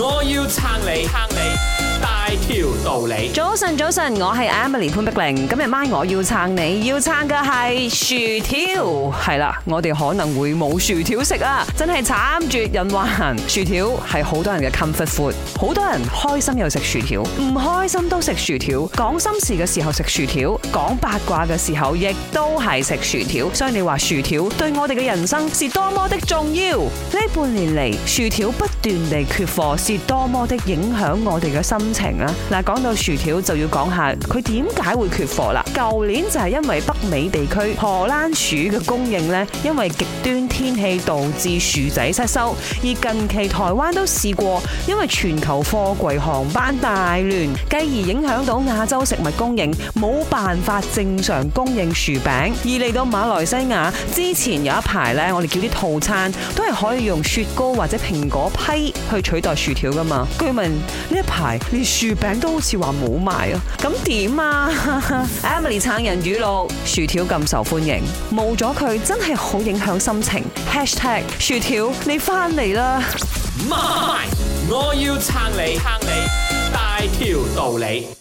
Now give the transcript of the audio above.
我要撐你撐你大條道理。早晨早晨，我係 Emily 潘碧玲。今日晚我要撐你，要撐嘅係薯條。係啦，我哋可能會冇薯條食啊，真係慘絕人寰，薯條係好多人嘅 comfort food，好多人開心又食薯條，唔開心都食薯條。講心事嘅時候食薯條，講八卦嘅時候亦都係食薯條。所以你話薯條對我哋嘅人生是多麼的重要？呢半年嚟薯條不斷地缺貨。是多麼的影響我哋嘅心情啊！嗱，講到薯條就要講下佢點解會缺貨啦。舊年就係因為北美地區荷蘭薯嘅供應呢，因為極端天氣導致薯仔失收；而近期台灣都試過，因為全球貨櫃航班大亂，繼而影響到亞洲食物供應，冇辦法正常供應薯餅。而嚟到馬來西亞之前有一排呢，我哋叫啲套餐都係可以用雪糕或者蘋果批去取代薯。條噶嘛？據聞呢一排連薯餅都好似話冇賣啊！咁點啊？Emily 撐人語錄，薯條咁受歡迎，冇咗佢真係好影響心情。Hashtag 薯條你翻嚟啦！賣，我要撐你，撐你大條道理。